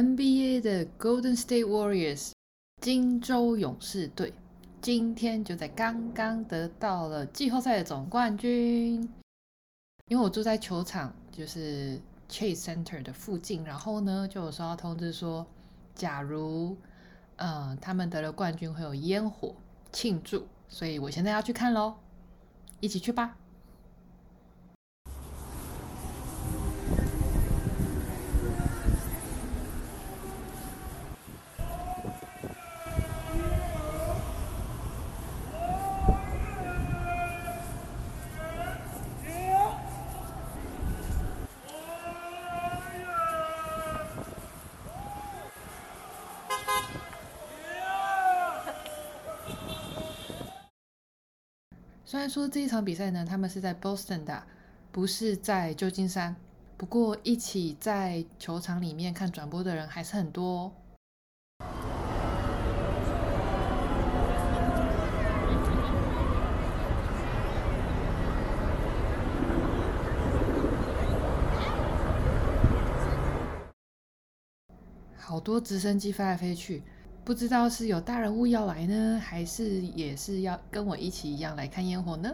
NBA 的 Golden State Warriors 金州勇士隊今天就在剛剛得到了季後賽的總冠軍。因為我住在球場，就是 Chase Center 的附近，然後呢，就有收到通知說，假如嗯，呃，他們得了冠軍會有煙火慶祝，所以我現在要去看咯，一起去吧。雖然說這一場比賽呢，他們是在 Boston 的，不是在舊金山，不過一起在球場裡面看轉播的人還是很多哦。好多直升機飛來飛去。不知道是有大人物要來呢，還是也是要跟我一起一樣來看煙火呢？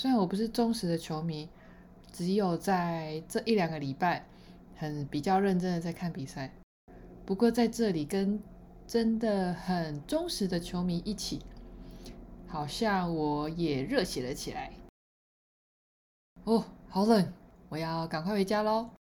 雖然我不是忠實的球迷，只有在這一兩個禮拜很比較認真的在看比賽，不過在這裡跟真的很忠實的球迷一起，好像我也熱血了起來。哦，好冷，我要趕快回家囉。